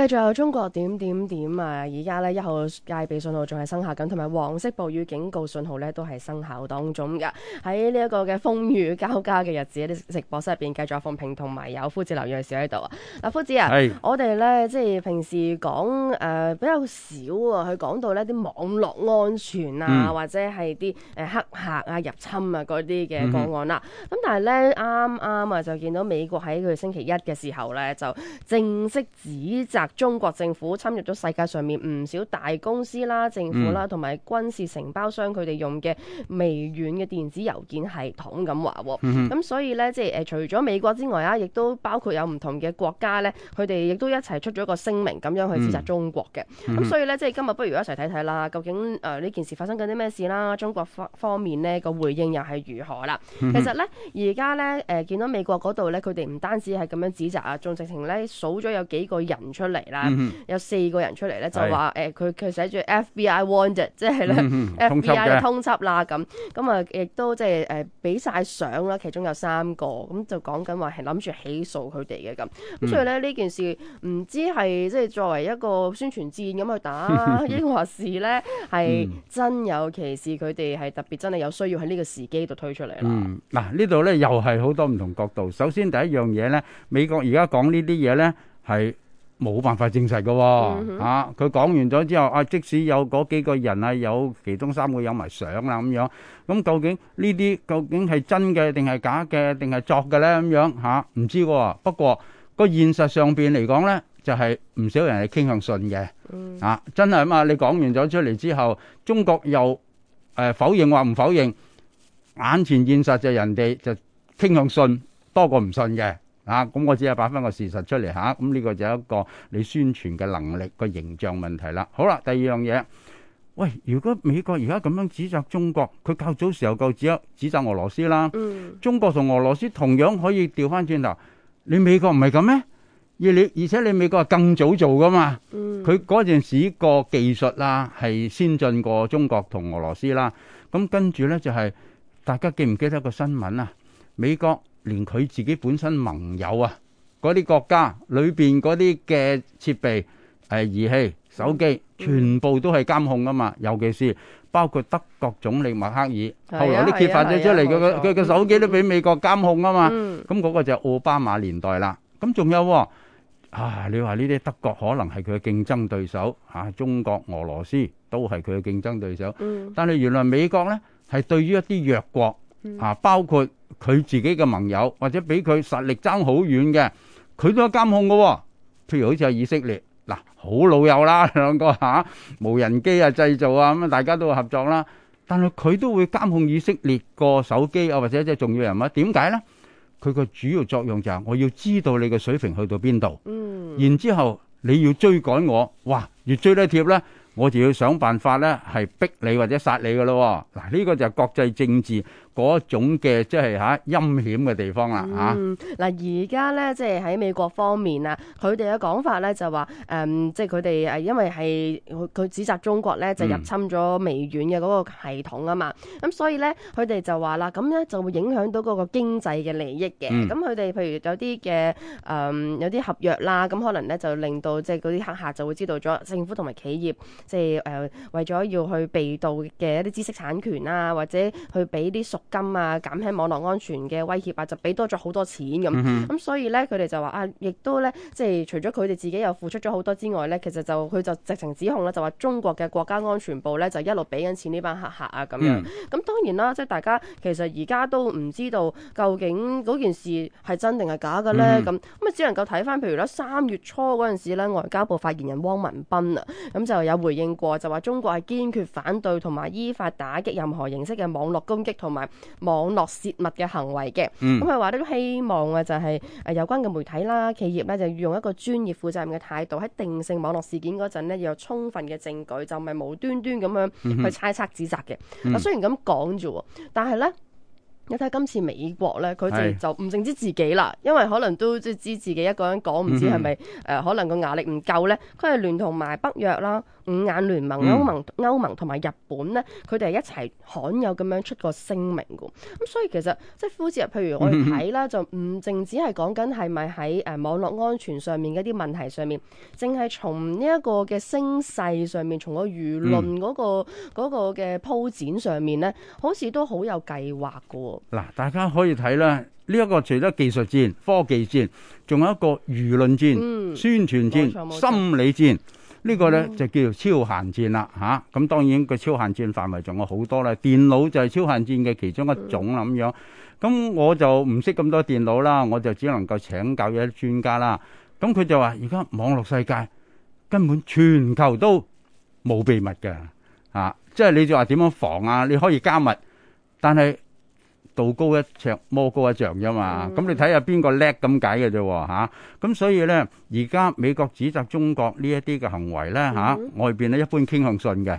繼續有中國點點點啊！而家咧一號戒備信號仲係生效緊，同埋黃色暴雨警告信號咧都係生效當中嘅。喺呢一個嘅風雨交加嘅日子，喺啲直播室入邊繼續放平同埋有夫子劉瑞士喺度啊。嗱，夫子啊，是我哋咧即係平時講誒、呃、比較少啊，佢講到呢啲網絡安全啊，嗯、或者係啲誒黑客啊入侵啊嗰啲嘅個案啦、啊。咁、嗯、但係咧啱啱啊就見到美國喺佢星期一嘅時候咧就正式指責。中國政府侵入咗世界上面唔少大公司啦、政府啦，同埋軍事承包商佢哋用嘅微軟嘅電子郵件系統咁話。咁、嗯哼嗯、所以呢，即係誒、呃、除咗美國之外啊，亦都包括有唔同嘅國家呢，佢哋亦都一齊出咗個聲明，咁樣去指責中國嘅。咁、嗯哼嗯、所以呢，即係今日不如一齊睇睇啦，究竟誒呢、呃、件事發生緊啲咩事啦？中國方方面呢個回應又係如何啦？嗯、哼其實呢，而家呢，誒、呃、見到美國嗰度呢，佢哋唔單止係咁樣指責啊，仲直情呢數咗有幾個人出嚟。嚟啦，有四個人出嚟咧，就話誒，佢佢寫住 FBI wanted，即係咧 FBI 通緝啦，咁咁啊，亦都即係誒，俾晒相啦，其中有三個，咁就講緊話係諗住起訴佢哋嘅咁咁所以咧呢件事唔知係即係作為一個宣傳戰咁去打，亦或是咧係真有其事佢哋，係特別真係有需要喺呢個時機度推出嚟啦。嗱，呢度咧又係好多唔同角度。首先第一樣嘢咧，美國而家講呢啲嘢咧係。冇辦法證實㗎喎，吓，佢講完咗之後，啊即使有嗰幾個人啊，有其中三個有埋相啦咁樣，咁究竟呢啲究竟係真嘅定係假嘅定係作嘅咧咁樣吓？唔知喎，不過個現實上邊嚟講咧，就係唔少人係傾向信嘅，啊真係啊嘛！你講完咗出嚟之後，中國又誒否認話唔否認，眼前現實就人哋就傾向信多過唔信嘅。啊，咁我只係擺翻個事實出嚟吓，咁呢個就一個你宣傳嘅能力個形象問題啦。好啦，第二樣嘢，喂，如果美國而家咁樣指責中國，佢較早時候夠指指責俄羅斯啦。嗯，中國同俄羅斯同樣可以調翻轉頭，你美國唔係咁咩？而你而且你美國係更早做噶嘛。嗯，佢嗰陣時個技術啦係先進過中國同俄羅斯啦。咁跟住咧就係大家記唔記得一個新聞啊？美國。連佢自己本身盟友啊，嗰啲國家裏邊嗰啲嘅設備、誒儀器、手機，全部都係監控啊嘛。尤其是包括德國總理默克爾，後來啲揭發咗出嚟，佢嘅佢嘅手機都俾美國監控啊嘛。咁嗰個就係奧巴馬年代啦。咁仲有啊，你話呢啲德國可能係佢嘅競爭對手啊，中國、俄羅斯都係佢嘅競爭對手。但係原來美國咧係對於一啲弱國啊，包括。佢自己嘅盟友或者俾佢實力爭好遠嘅，佢都有監控㗎、哦。譬如好似係以色列，嗱，好老友啦兩個嚇、啊，無人機啊製造啊咁啊，大家都合作啦。但係佢都會監控以色列個手機啊，或者一隻重要人物點解咧？佢個主要作用就係我要知道你嘅水平去到邊度，嗯，然之後你要追趕我，哇，越追得貼咧。我哋要想辦法咧，係逼你或者殺你噶咯嗱。呢、這個就係國際政治嗰種嘅，即係嚇陰險嘅地方啦。嚇、啊、嗱，而家咧即係喺美國方面啊，佢哋嘅講法咧就話誒、嗯，即係佢哋誒，因為係佢指責中國咧就入侵咗微軟嘅嗰個系統啊嘛。咁、嗯、所以咧佢哋就話啦，咁咧就會影響到嗰個經濟嘅利益嘅。咁佢哋譬如有啲嘅誒有啲合約啦，咁可能咧就令到即係嗰啲黑客就會知道咗政府同埋企業。即係誒為咗要去被盜嘅一啲知識產權啊，或者去俾啲贖金啊，減輕網絡安全嘅威脅，mm hmm. 嗯、啊，就俾多咗好多錢咁。咁所以咧，佢哋就話啊，亦都咧，即係除咗佢哋自己又付出咗好多之外咧，其實就佢就直情指控咧，就話中國嘅國家安全部咧，就一路俾緊錢呢班黑客，客、mm hmm. 啊咁樣咁當然啦，即係大家其實而家都唔知道究竟嗰件事係真定係假嘅咧。咁咁啊，只能夠睇翻譬如咧，三月初嗰陣時咧，外交部發言人汪文斌啊，咁、嗯、就有回應過就話中國係堅決反對同埋依法打擊任何形式嘅網絡攻擊同埋網絡洩密嘅行為嘅。咁佢話都希望啊就係誒有關嘅媒體啦、企業咧，就要用一個專業、負責任嘅態度，喺定性網絡事件嗰陣呢，要有充分嘅證據，就唔係無端端咁樣去猜測、指責嘅。啊、嗯，嗯、雖然咁講住，但係咧。你睇今次美國咧，佢哋就唔淨止自己啦，因為可能都即知自己一個人講唔知係咪誒可能個壓力唔夠咧，佢係聯同埋北約啦、五眼聯盟、嗯、歐盟、歐盟同埋日本咧，佢哋係一齊罕有咁樣出個聲明嘅。咁、嗯、所以其實即係呼之，譬如我哋睇啦，嗯、哼就唔淨止係講緊係咪喺誒網絡安全上面一啲問題上面，淨係從呢一個嘅聲勢上面，從個輿論嗰、那個嘅、嗯、鋪展上面咧，好似都好有計劃嘅、哦。嗱，大家可以睇啦，呢、這、一個除咗技術戰、科技戰，仲有一個輿論戰、嗯、宣傳戰、錯心理戰，呢、這個呢、嗯、就叫做超限戰啦嚇。咁、啊、當然個超限戰範圍仲有好多啦，電腦就係超限戰嘅其中一種啦咁樣。咁、嗯、我就唔識咁多電腦啦，我就只能夠請教一啲專家啦。咁佢就話：而家網絡世界根本全球都冇秘密嘅嚇、啊，即係你話點樣防啊？你可以加密，但係。道高一尺，魔高一丈啫嘛，咁你睇下邊個叻咁解嘅啫，吓，咁所以咧，而家美國指責中國呢一啲嘅行為咧，吓，外邊咧一般傾向信嘅，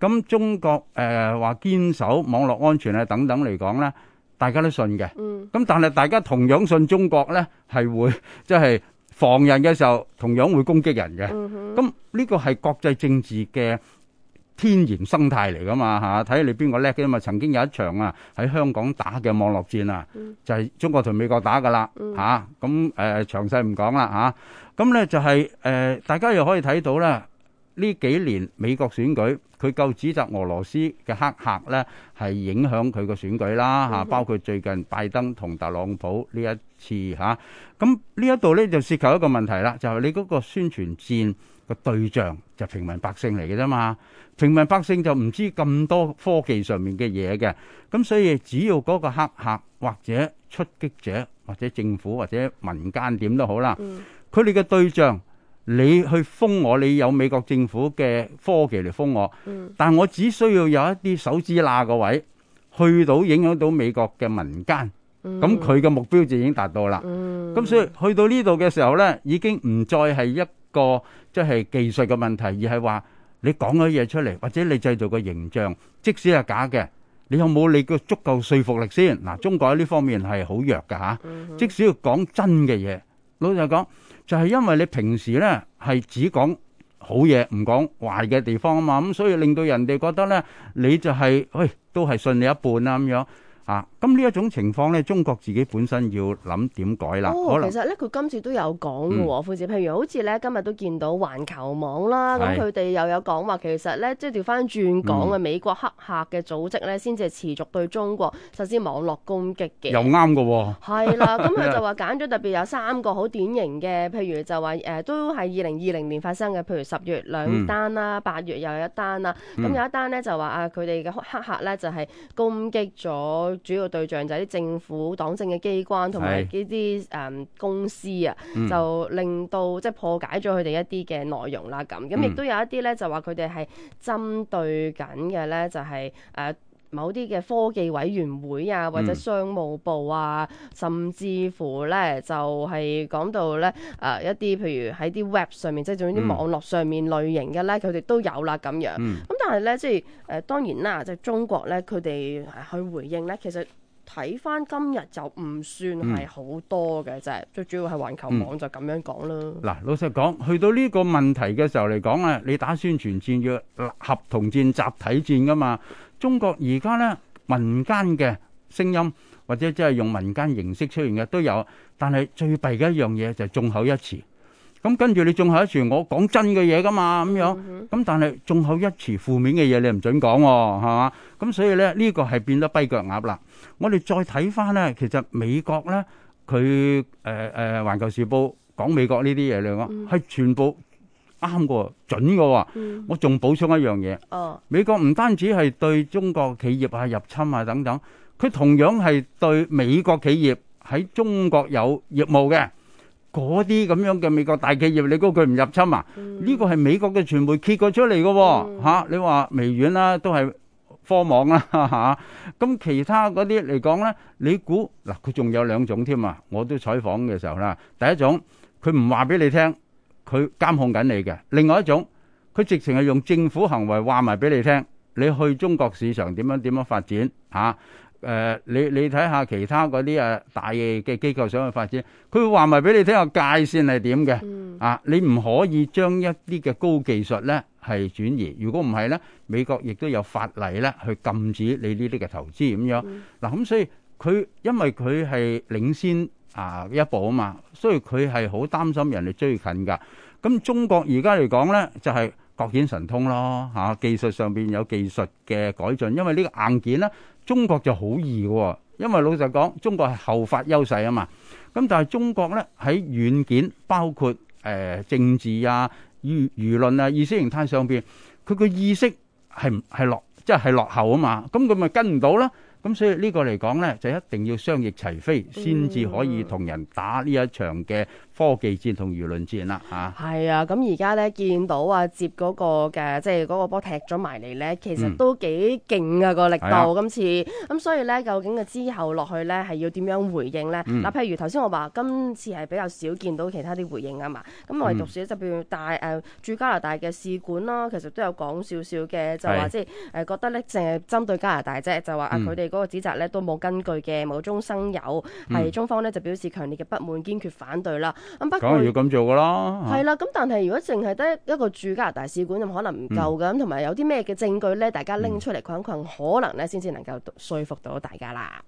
咁中國誒話堅守網絡安全啊等等嚟講咧，大家都信嘅，咁但係大家同樣信中國咧，係會即係防人嘅時候，同樣會攻擊人嘅，咁呢個係國際政治嘅。天然生態嚟噶嘛嚇，睇你邊個叻啫嘛！曾經有一場啊，喺香港打嘅網絡戰啊，mm. 就係中國同美國打噶啦嚇。咁誒、mm. 啊呃、詳細唔講啦嚇。咁、啊、咧、嗯、就係、是、誒、呃，大家又可以睇到咧，呢幾年美國選舉佢夠指責俄羅斯嘅黑客咧係影響佢個選舉啦嚇，啊 mm hmm. 包括最近拜登同特朗普呢一次嚇。咁、啊嗯、呢一度咧就涉及一個問題啦，就係、是、你嗰個宣傳戰。個對象就平民百姓嚟嘅啫嘛，平民百姓就唔知咁多科技上面嘅嘢嘅，咁所以只要嗰個黑客或者出擊者或者政府或者民間點都好啦，佢哋嘅對象，你去封我，你有美國政府嘅科技嚟封我，但我只需要有一啲手指罅個位去到影響到美國嘅民間，咁佢嘅目標就已經達到啦。咁所以去到呢度嘅時候呢，已經唔再係一個即係技術嘅問題，而係話你講嗰啲嘢出嚟，或者你製造個形象，即使係假嘅，你有冇你個足夠説服力先？嗱，中國喺呢方面係好弱㗎吓。即使要講真嘅嘢，老實講，就係因為你平時呢係只講好嘢，唔講壞嘅地方啊嘛，咁所以令到人哋覺得呢，你就係喂，都係信你一半啦咁樣。啊！咁呢一種情況咧，中國自己本身要諗點改啦。哦、好其實咧，佢今次都有講喎，副主、嗯。譬如好似咧，今日都見到《環球網》啦，咁佢哋又有講話，其實咧，即係調翻轉講嘅美國黑客嘅組織咧，先至係持續對中國實施網絡攻擊嘅。又啱㗎喎。係啦，咁佢 就話揀咗特別有三個好典型嘅，譬如就話誒、呃，都係二零二零年發生嘅，譬如十月兩單啦，八、嗯、月又有一單啦。咁有一單咧就話啊，佢哋嘅黑客咧就係攻擊咗。主要對象就係啲政府、黨政嘅機關同埋呢啲誒公司啊，就令到即係破解咗佢哋一啲嘅內容啦咁，咁亦都有一啲咧就話佢哋係針對緊嘅咧就係、是、誒。呃某啲嘅科技委員會啊，或者商務部啊，嗯、甚至乎咧就係、是、講到咧誒、呃、一啲譬如喺啲 web 上面，即係仲有啲網絡上面類型嘅咧，佢哋都有啦咁樣，咁、嗯、但係咧即係誒當然啦，即、就、係、是、中國咧佢哋去回應咧，其實。睇翻今日就唔算係好多嘅啫，最、嗯、主要係環球網就咁樣講啦。嗱、嗯，老實講，去到呢個問題嘅時候嚟講啊，你打宣傳戰要合同戰、集體戰噶嘛？中國而家咧民間嘅聲音或者即係用民間形式出現嘅都有，但係最弊嘅一樣嘢就係眾口一詞。咁跟住你眾口一詞，我講真嘅嘢噶嘛咁樣，咁、嗯、哼但係眾口一詞負面嘅嘢你唔准講喎、啊，係嘛？咁所以咧呢、呢個係變得跛腳鴨啦。我哋再睇翻咧，其實美國咧佢誒誒環球時報講美國呢啲嘢嚟講係全部啱嘅，準嘅喎。嗯、我仲補充一樣嘢，美國唔單止係對中國企業啊入侵啊等等，佢同樣係對美國企業喺中國有業務嘅。嗰啲咁樣嘅美國大企業，你估佢唔入侵啊？呢個係美國嘅傳媒揭過出嚟嘅喎嚇。你話微軟啦、啊，都係科網啦、啊、嚇。咁、啊啊、其他嗰啲嚟講呢，你估嗱佢仲有兩種添啊？我都採訪嘅時候啦、啊，第一種佢唔話俾你聽，佢監控緊你嘅；另外一種佢直情係用政府行為話埋俾你聽，你去中國市場點樣點樣發展嚇。啊誒、呃，你你睇下其他嗰啲誒大嘅機構想去發展，佢話埋俾你聽下界線係點嘅啊，你唔可以將一啲嘅高技術咧係轉移，如果唔係咧，美國亦都有法例咧去禁止你呢啲嘅投資咁樣。嗱、嗯，咁、啊、所以佢因為佢係領先啊一步啊嘛，所以佢係好擔心人哋追近㗎。咁中國而家嚟講咧，就係、是。各顯神通咯嚇、啊，技術上邊有技術嘅改進，因為呢個硬件呢中國就好易嘅喎、哦。因為老實講，中國係後發優勢啊嘛。咁但係中國呢，喺軟件，包括誒、呃、政治啊、輿輿論啊、意識形態上邊，佢個意識係係落，即係係落後啊嘛。咁佢咪跟唔到啦。咁所以呢個嚟講呢，就一定要雙翼齊飛，先至可以同人打呢一場嘅科技戰同輿論戰啦嚇。係啊，咁而家呢，見到啊，接嗰、嗰個嘅即係嗰個波踢咗埋嚟呢，其實都幾勁啊、這個力度、啊、今次。咁所以呢，究竟嘅之後落去呢，係要點樣回應呢？嗱、嗯，譬如頭先我話今次係比較少見到其他啲回應啊嘛。咁我哋少少就譬如大誒、呃、駐加拿大嘅使館啦，其實都有講少少嘅，就話即係誒覺得呢，淨係針對加拿大啫，就話啊佢哋。啊嗰個指責咧都冇根據嘅，無中生有，係、嗯、中方咧就表示強烈嘅不滿，堅決反對、嗯、啦。咁不過當然要咁做嘅啦，係啦。咁但係如果淨係得一個駐加拿大使館，咁可能唔夠嘅，咁同埋有啲咩嘅證據咧，大家拎出嚟，羣羣可能咧先至能夠說服到大家啦。